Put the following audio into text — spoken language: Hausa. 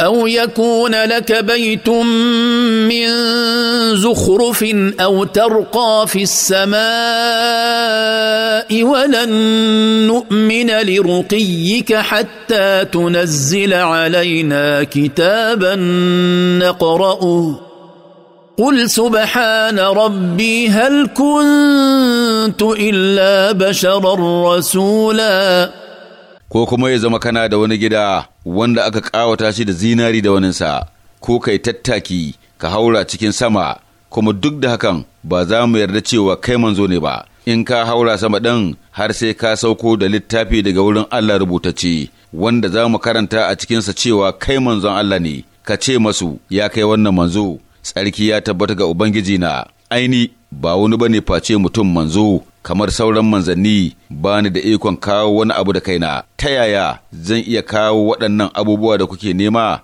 أو يكون لك بيت من زخرف أو ترقى في السماء ولن نؤمن لرقيك حتى تنزل علينا كتابا نقرأه قل سبحان ربي هل كنت إلا بشرا رسولاً ko kuma ya zama kana da wani gida wanda aka ƙawata shi da zinari da waninsa, ko kai tattaki ka haura cikin sama, kuma duk da hakan ba za mu yarda cewa kai manzo ne ba, in ka haura sama ɗin har sai ka sauko da littafi daga wurin Allah rubutacce, wanda za mu karanta a cikinsa cewa kai manzon Allah ne, ka ce masu ya kai wannan manzo, tsarki ya tabbata ga Ubangiji na, aini ba wani bane face mutum manzo kamar sauran manzanni ba ni da ikon kawo wani abu da kaina ta yaya zan iya kawo waɗannan abubuwa da kuke nema